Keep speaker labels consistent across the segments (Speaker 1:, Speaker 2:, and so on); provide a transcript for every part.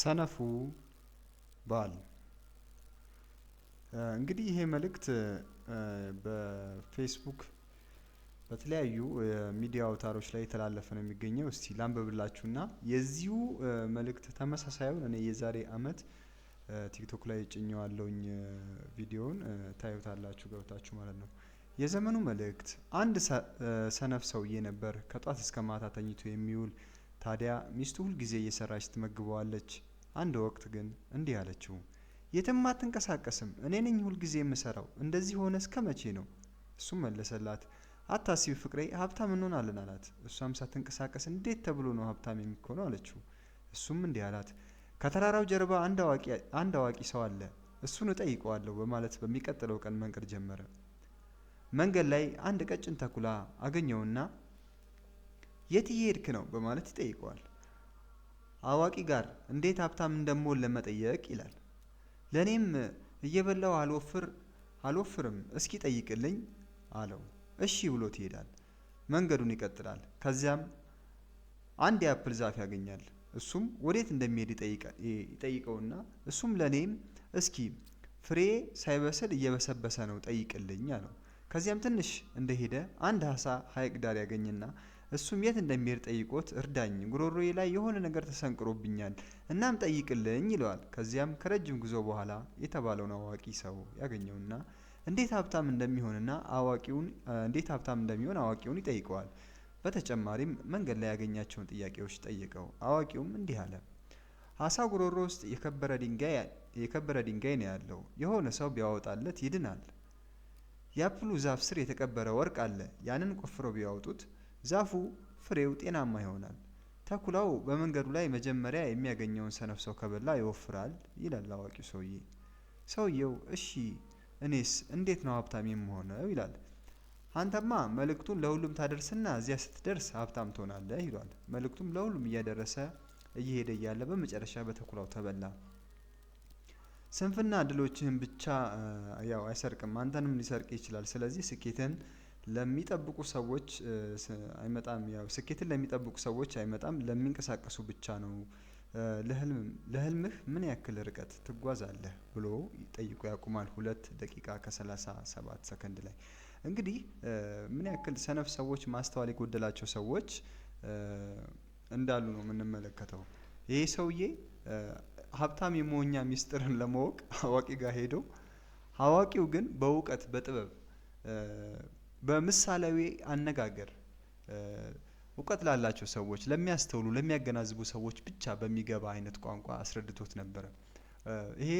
Speaker 1: ሰነፉ ባል እንግዲህ ይሄ መልእክት በፌስቡክ በተለያዩ ሚዲያ አውታሮች ላይ የተላለፈ ነው የሚገኘው። እስቲ ላንብብላችሁና የዚሁ መልእክት ተመሳሳዩን እኔ የዛሬ አመት ቲክቶክ ላይ ጭኘዋለውኝ ቪዲዮውን ታዩታላችሁ ገብታችሁ ማለት ነው። የዘመኑ መልእክት አንድ ሰነፍ ሰውዬ ነበር፣ ከጧት እስከ ማታ ተኝቶ የሚውል ታዲያ ሚስቱ ሁልጊዜ እየሰራች ትመግበዋለች። አንድ ወቅት ግን እንዲህ አለችው፣ የትም አትንቀሳቀስም፣ እኔ ነኝ ሁልጊዜ የምሰራው፣ እንደዚህ ሆነ እስከ መቼ ነው? እሱም መለሰላት፣ አታስቢ ፍቅሬ፣ ሀብታም እንሆናለን አላት። እሷም ሳትንቀሳቀስ እንዴት ተብሎ ነው ሀብታም የሚኮነው አለችው። እሱም እንዲህ አላት፣ ከተራራው ጀርባ አንድ አዋቂ ሰው አለ፣ እሱን እጠይቀዋለሁ በማለት በሚቀጥለው ቀን መንገድ ጀመረ። መንገድ ላይ አንድ ቀጭን ተኩላ አገኘውና የት እየሄድክ ነው በማለት ይጠይቀዋል። አዋቂ ጋር እንዴት ሀብታም እንደምሆን ለመጠየቅ ይላል። ለእኔም እየበላው አልወፍር አልወፍርም እስኪ ጠይቅልኝ አለው። እሺ ብሎት ይሄዳል። መንገዱን ይቀጥላል። ከዚያም አንድ የአፕል ዛፍ ያገኛል። እሱም ወዴት እንደሚሄድ ይጠይቀውና እሱም ለእኔም እስኪ ፍሬ ሳይበስል እየበሰበሰ ነው ጠይቅልኝ አለው። ከዚያም ትንሽ እንደሄደ አንድ አሳ ሐይቅ ዳር ያገኝና እሱም የት እንደሚሄድ ጠይቆት እርዳኝ፣ ጉሮሮዬ ላይ የሆነ ነገር ተሰንቅሮብኛል፣ እናም ጠይቅልኝ ይለዋል። ከዚያም ከረጅም ጉዞ በኋላ የተባለውን አዋቂ ሰው ያገኘውና እንዴት ሀብታም እንደሚሆንና አዋቂውን እንዴት ሀብታም እንደሚሆን አዋቂውን ይጠይቀዋል። በተጨማሪም መንገድ ላይ ያገኛቸውን ጥያቄዎች ጠየቀው። አዋቂውም እንዲህ አለ። አሳ ጉሮሮ ውስጥ የከበረ ድንጋይ የከበረ ድንጋይ ነው ያለው። የሆነ ሰው ቢያወጣለት ይድናል። የአፕሉ ዛፍ ስር የተቀበረ ወርቅ አለ። ያንን ቆፍረው ቢያወጡት ዛፉ ፍሬው ጤናማ ይሆናል። ተኩላው በመንገዱ ላይ መጀመሪያ የሚያገኘውን ሰነፍ ሰው ከበላ ይወፍራል ይላል አዋቂው ሰውዬ። ሰውየው እሺ እኔስ እንዴት ነው ሀብታም የምሆነው ይላል። አንተማ መልእክቱን ለሁሉም ታደርስና እዚያ ስትደርስ ሀብታም ትሆናለህ ይሏል። መልእክቱም ለሁሉም እያደረሰ እየሄደ እያለ በመጨረሻ በተኩላው ተበላ። ስንፍና ድሎችህን ብቻ ያው አይሰርቅም፣ አንተንም ሊሰርቅ ይችላል። ስለዚህ ስኬትን ለሚጠብቁ ሰዎች አይመጣም ያው ስኬትን ለሚጠብቁ ሰዎች አይመጣም ለሚንቀሳቀሱ ብቻ ነው። ለህልምህ ምን ያክል ርቀት ትጓዛለህ ብሎ ጠይቆ ያቁማል ሁለት ደቂቃ ከ37 ሰከንድ ላይ እንግዲህ ምን ያክል ሰነፍ ሰዎች ማስተዋል የጎደላቸው ሰዎች እንዳሉ ነው የምንመለከተው። ይሄ ሰውዬ ሀብታም የመሆኛ ሚስጥርን ለማወቅ አዋቂ ጋር ሄዶ አዋቂው ግን በእውቀት በጥበብ በምሳሌያዊ አነጋገር እውቀት ላላቸው ሰዎች ለሚያስተውሉ ለሚያገናዝቡ ሰዎች ብቻ በሚገባ አይነት ቋንቋ አስረድቶት ነበረ። ይሄ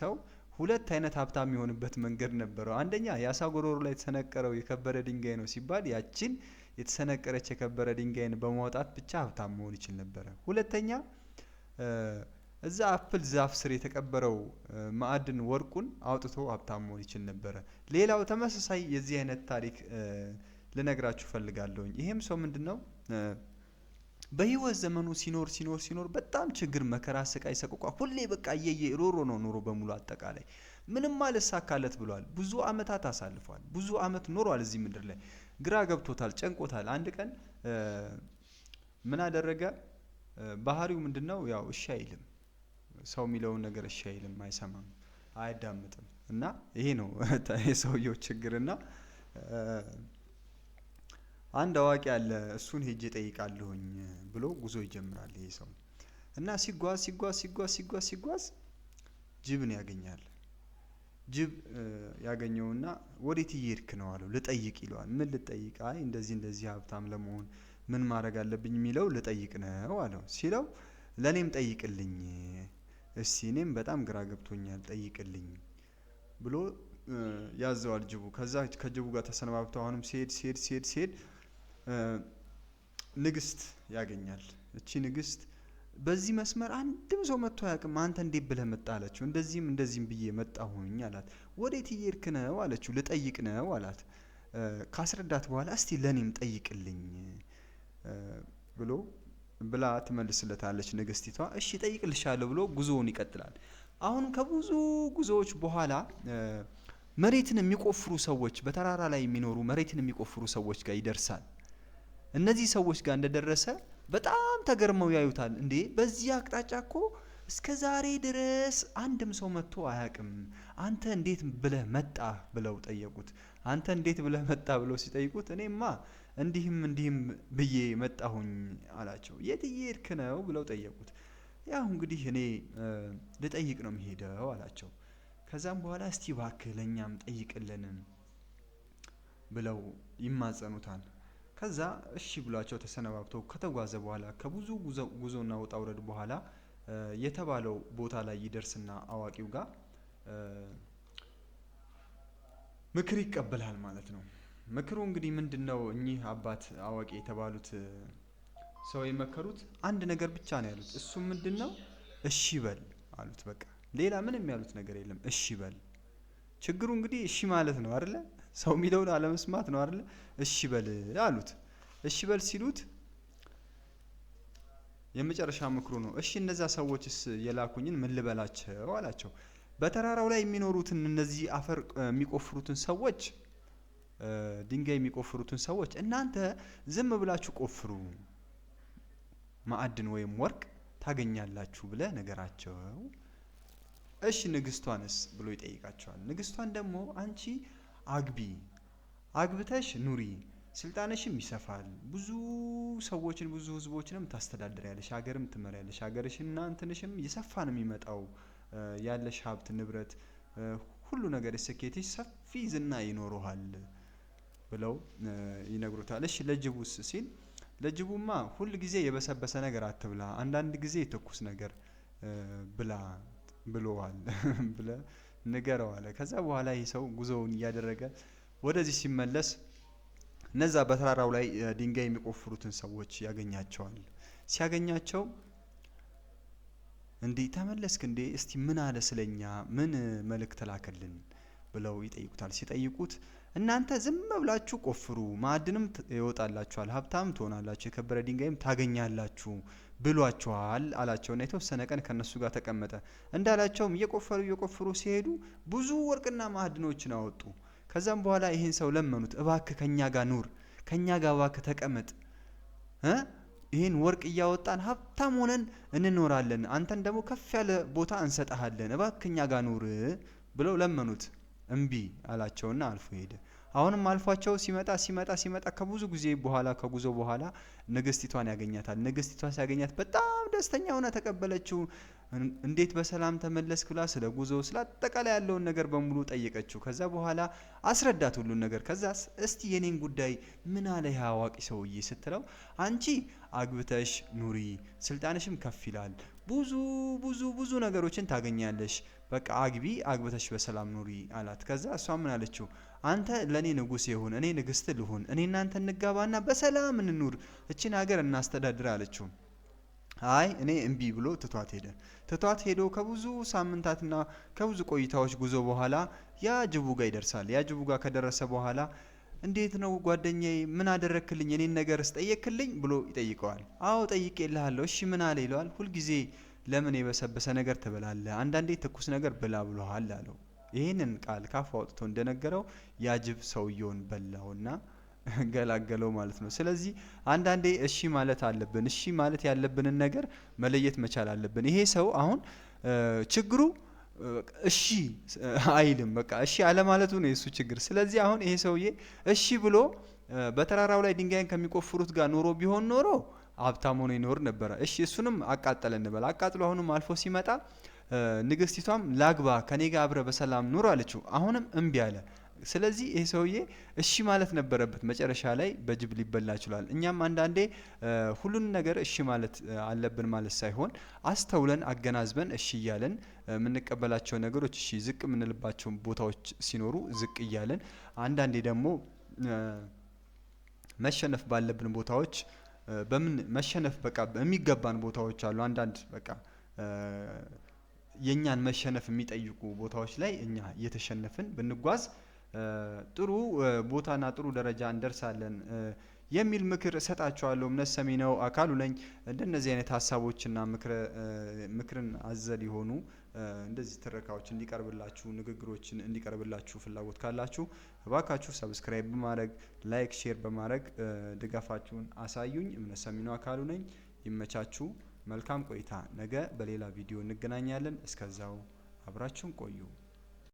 Speaker 1: ሰው ሁለት አይነት ሀብታም የሆንበት መንገድ ነበረው። አንደኛ የአሳ ላይ የተሰነቀረው የከበረ ድንጋይ ነው ሲባል ያችን የተሰነቀረች የከበረ ድንጋይን በማውጣት ብቻ ሀብታም መሆን ይችል ነበረ። ሁለተኛ እዛ አፕል ዛፍ ስር የተቀበረው ማዕድን ወርቁን አውጥቶ ሀብታም መሆን ይችል ነበረ። ሌላው ተመሳሳይ የዚህ አይነት ታሪክ ልነግራችሁ ፈልጋለሁኝ። ይሄም ሰው ምንድን ነው በህይወት ዘመኑ ሲኖር ሲኖር ሲኖር በጣም ችግር፣ መከራ፣ ስቃይ፣ ሰቆቋ ሁሌ በቃ እየየ ሮሮ ነው ኑሮ በሙሉ አጠቃላይ ምንም አልሳካለት ብሏል። ብዙ አመታት አሳልፏል። ብዙ አመት ኖሯል እዚህ ምድር ላይ ግራ ገብቶታል፣ ጨንቆታል። አንድ ቀን ምን አደረገ? ባህሪው ምንድን ነው? ያው እሺ አይልም ሰው የሚለውን ነገር እሺ አይልም፣ አይሰማም፣ አያዳምጥም። እና ይሄ ነው የሰውየው ችግር። አንድ አዋቂ አለ እሱን ሄጄ ጠይቃለሁኝ ብሎ ጉዞ ይጀምራል ይሄ ሰው እና ሲጓዝ ሲጓዝ ሲጓዝ ሲጓዝ ሲጓዝ ጅብን ያገኛል። ጅብ ያገኘውና ወዴት እየሄድክ ነው አለው። ልጠይቅ ይለዋል። ምን ልጠይቅ? አይ እንደዚህ እንደዚህ ሀብታም ለመሆን ምን ማድረግ አለብኝ የሚለው ልጠይቅ ነው አለው። ሲለው ለእኔም ጠይቅልኝ እሺ እኔም በጣም ግራ ገብቶኛል ጠይቅልኝ ብሎ ያዘዋል ጅቡ። ከዛ ከጅቡ ጋር ተሰነባብተው አሁንም ሲሄድ ሲሄድ ሲሄድ ሲሄድ ንግስት ያገኛል። እቺ ንግስት በዚህ መስመር አንድም ሰው መጥቶ አያውቅም፣ አንተ እንዴት ብለህ መጣ አለችው። እንደዚህም እንደዚህም ብዬ መጣሁኝ አላት። ወዴት እየሄድክ ነው አለችው። ልጠይቅ ነው አላት። ካስረዳት በኋላ እስቲ ለእኔም ጠይቅልኝ ብሎ ብላ ትመልስለታለች ንግስቲቷ። እሺ እጠይቅልሻለሁ ብሎ ጉዞውን ይቀጥላል። አሁን ከብዙ ጉዞዎች በኋላ መሬትን የሚቆፍሩ ሰዎች፣ በተራራ ላይ የሚኖሩ መሬትን የሚቆፍሩ ሰዎች ጋር ይደርሳል። እነዚህ ሰዎች ጋር እንደደረሰ በጣም ተገርመው ያዩታል። እንዴ በዚህ አቅጣጫ እኮ እስከ ዛሬ ድረስ አንድም ሰው መጥቶ አያውቅም። አንተ እንዴት ብለህ መጣ ብለው ጠየቁት። አንተ እንዴት ብለህ መጣ ብለው ሲጠይቁት እኔማ እንዲህም እንዲህም ብዬ መጣሁኝ አላቸው። የት እየሄድክ ነው ብለው ጠየቁት። ያው እንግዲህ እኔ ልጠይቅ ነው የሚሄደው አላቸው። ከዛም በኋላ እስቲ እባክህ ለእኛም ጠይቅልን ብለው ይማጸኑታል። ከዛ እሺ ብሏቸው ተሰነባብተው ከተጓዘ በኋላ ከብዙ ጉዞና ውጣ ውረድ በኋላ የተባለው ቦታ ላይ ይደርስና አዋቂው ጋር ምክር ይቀበላል ማለት ነው። ምክሩ እንግዲህ ምንድን ነው? እኚህ አባት አዋቂ የተባሉት ሰው የመከሩት አንድ ነገር ብቻ ነው ያሉት። እሱም ምንድን ነው? እሺ በል አሉት። በቃ ሌላ ምንም ያሉት ነገር የለም። እሺ በል። ችግሩ እንግዲህ እሺ ማለት ነው አይደለ? ሰው የሚለውን አለመስማት ነው አይደለ? እሺ በል አሉት። እሺ በል ሲሉት የመጨረሻ ምክሩ ነው። እሺ እነዛ ሰዎችስ የላኩኝን ምን ልበላቸው አላቸው። በተራራው ላይ የሚኖሩትን እነዚህ አፈር የሚቆፍሩትን ሰዎች ድንጋይ የሚቆፍሩትን ሰዎች እናንተ ዝም ብላችሁ ቆፍሩ ማዕድን ወይም ወርቅ ታገኛላችሁ ብለ ነገራቸው። እሺ ንግስቷንስ ብሎ ይጠይቃቸዋል። ንግስቷን ደግሞ አንቺ አግቢ፣ አግብተሽ ኑሪ፣ ስልጣነሽም ይሰፋል፣ ብዙ ሰዎችን ብዙ ህዝቦችንም ያለሽ፣ ሀገርም ትመሪያለሽ፣ ሀገርሽና እንትንሽም እየሰፋ ነው የሚመጣው ያለሽ ሀብት ንብረት ሁሉ ነገር ስኬትሽ ሰፊ ዝና ይኖረዋል ብለው ይነግሩታል። እሺ ለጅቡስ ሲል ለጅቡማ ሁል ጊዜ የበሰበሰ ነገር አትብላ፣ አንዳንድ ጊዜ ትኩስ ነገር ብላ ብሎዋል ብለ ንገረዋል። ከዛ በኋላ ይህ ሰው ጉዞውን እያደረገ ወደዚህ ሲመለስ እነዛ በተራራው ላይ ድንጋይ የሚቆፍሩትን ሰዎች ያገኛቸዋል። ሲያገኛቸው እንዲህ ተመለስክ እንዴ? እስቲ ምን አለ ስለኛ ምን መልእክት ላከልን ብለው ይጠይቁታል። ሲጠይቁት እናንተ ዝም ብላችሁ ቆፍሩ፣ ማዕድንም ይወጣላችኋል፣ ሀብታም ትሆናላችሁ፣ የከበረ ድንጋይም ታገኛላችሁ ብሏቸዋል አላቸውና የተወሰነ ቀን ከነሱ ጋር ተቀመጠ። እንዳላቸውም እየቆፈሩ እየቆፈሩ ሲሄዱ ብዙ ወርቅና ማዕድኖችን አወጡ። ከዛም በኋላ ይህን ሰው ለመኑት፣ እባክ ከእኛ ጋር ኑር፣ ከእኛ ጋር እባክ ተቀመጥ እ ይህን ወርቅ እያወጣን ሀብታም ሆነን እንኖራለን። አንተን ደግሞ ከፍ ያለ ቦታ እንሰጠሃለን። እባክህ ከኛ ጋር ኑር ብለው ለመኑት። እምቢ አላቸውና አልፎ ሄደ። አሁንም አልፏቸው ሲመጣ ሲመጣ ሲመጣ ከብዙ ጊዜ በኋላ ከጉዞ በኋላ ንግስቲቷን ያገኛታል። ንግስቲቷ ሲያገኛት በጣም ደስተኛ ሆና ተቀበለችው። እንዴት በሰላም ተመለስክ ብላ ስለ ጉዞ ስለ አጠቃላይ ያለውን ነገር በሙሉ ጠየቀችው። ከዛ በኋላ አስረዳት ሁሉን ነገር። ከዛስ እስቲ የኔን ጉዳይ ምን አለ ይህ አዋቂ ሰውዬ ስትለው አንቺ አግብተሽ ኑሪ፣ ስልጣንሽም ከፍ ይላል ብዙ ብዙ ብዙ ነገሮችን ታገኛለሽ። በቃ አግቢ፣ አግብተሽ በሰላም ኑሪ አላት። ከዛ እሷ ምን አለችው? አንተ ለእኔ ንጉስ ይሁን፣ እኔ ንግስት ልሁን፣ እኔ እናንተ እንጋባና በሰላም እንኑር፣ እችን ሀገር እናስተዳድር አለችው። አይ እኔ እምቢ ብሎ ትቷት ሄደ። ትቷት ሄዶ ከብዙ ሳምንታትና ከብዙ ቆይታዎች ጉዞ በኋላ ያ ጅቡ ይደርሳል። ያ ጅቡ ከደረሰ በኋላ እንዴት ነው ጓደኛዬ ምን አደረክልኝ እኔን ነገር ስጠየክልኝ ብሎ ይጠይቀዋል። አዎ ጠይቄልሃለሁ፣ እሺ ምን አለ ይለዋል። ሁልጊዜ ለምን የበሰበሰ ነገር ትበላለህ? አንዳንዴ ትኩስ ነገር ብላ ብሎሃል አለው። ይህንን ቃል ካፉ አውጥቶ እንደነገረው ያጅብ ሰውየውን በላውና ገላገለው ማለት ነው። ስለዚህ አንዳንዴ እሺ ማለት አለብን። እሺ ማለት ያለብንን ነገር መለየት መቻል አለብን። ይሄ ሰው አሁን ችግሩ እሺ አይልም። በቃ እሺ አለማለቱ ነው የእሱ ችግር። ስለዚህ አሁን ይሄ ሰውዬ እሺ ብሎ በተራራው ላይ ድንጋይን ከሚቆፍሩት ጋር ኖሮ ቢሆን ኖሮ ሀብታም ሆኖ ይኖር ነበረ። እሺ እሱንም አቃጠለ እንበል። አቃጥሎ አሁንም አልፎ ሲመጣ ንግስቲቷም ላግባ፣ ከኔ ጋር አብረ በሰላም ኑር አለችው። አሁንም እምቢ አለ። ስለዚህ ይህ ሰውዬ እሺ ማለት ነበረበት። መጨረሻ ላይ በጅብ ሊበላ ችሏል። እኛም አንዳንዴ ሁሉን ነገር እሺ ማለት አለብን ማለት ሳይሆን አስተውለን አገናዝበን እሺ እያለን የምንቀበላቸው ነገሮች እሺ፣ ዝቅ የምንልባቸው ቦታዎች ሲኖሩ ዝቅ እያለን አንዳንዴ ደግሞ መሸነፍ ባለብን ቦታዎች በምን መሸነፍ በቃ የሚገባን ቦታዎች አሉ። አንዳንድ በቃ የእኛን መሸነፍ የሚጠይቁ ቦታዎች ላይ እኛ እየተሸነፍን ብንጓዝ ጥሩ ቦታና ጥሩ ደረጃ እንደርሳለን የሚል ምክር እሰጣቸዋለሁ። እምነት ሰሚ ነው አካሉ ነኝ። እንደነዚህ አይነት ሀሳቦችና ምክርን አዘል የሆኑ እንደዚህ ትረካዎች እንዲቀርብላችሁ ንግግሮችን እንዲቀርብላችሁ ፍላጎት ካላችሁ እባካችሁ ሰብስክራይብ በማድረግ ላይክ፣ ሼር በማድረግ ድጋፋችሁን አሳዩኝ። እምነት ሰሚ ነው አካሉ ነኝ። ይመቻችሁ። መልካም ቆይታ። ነገ በሌላ ቪዲዮ እንገናኛለን። እስከዛው አብራችሁን ቆዩ።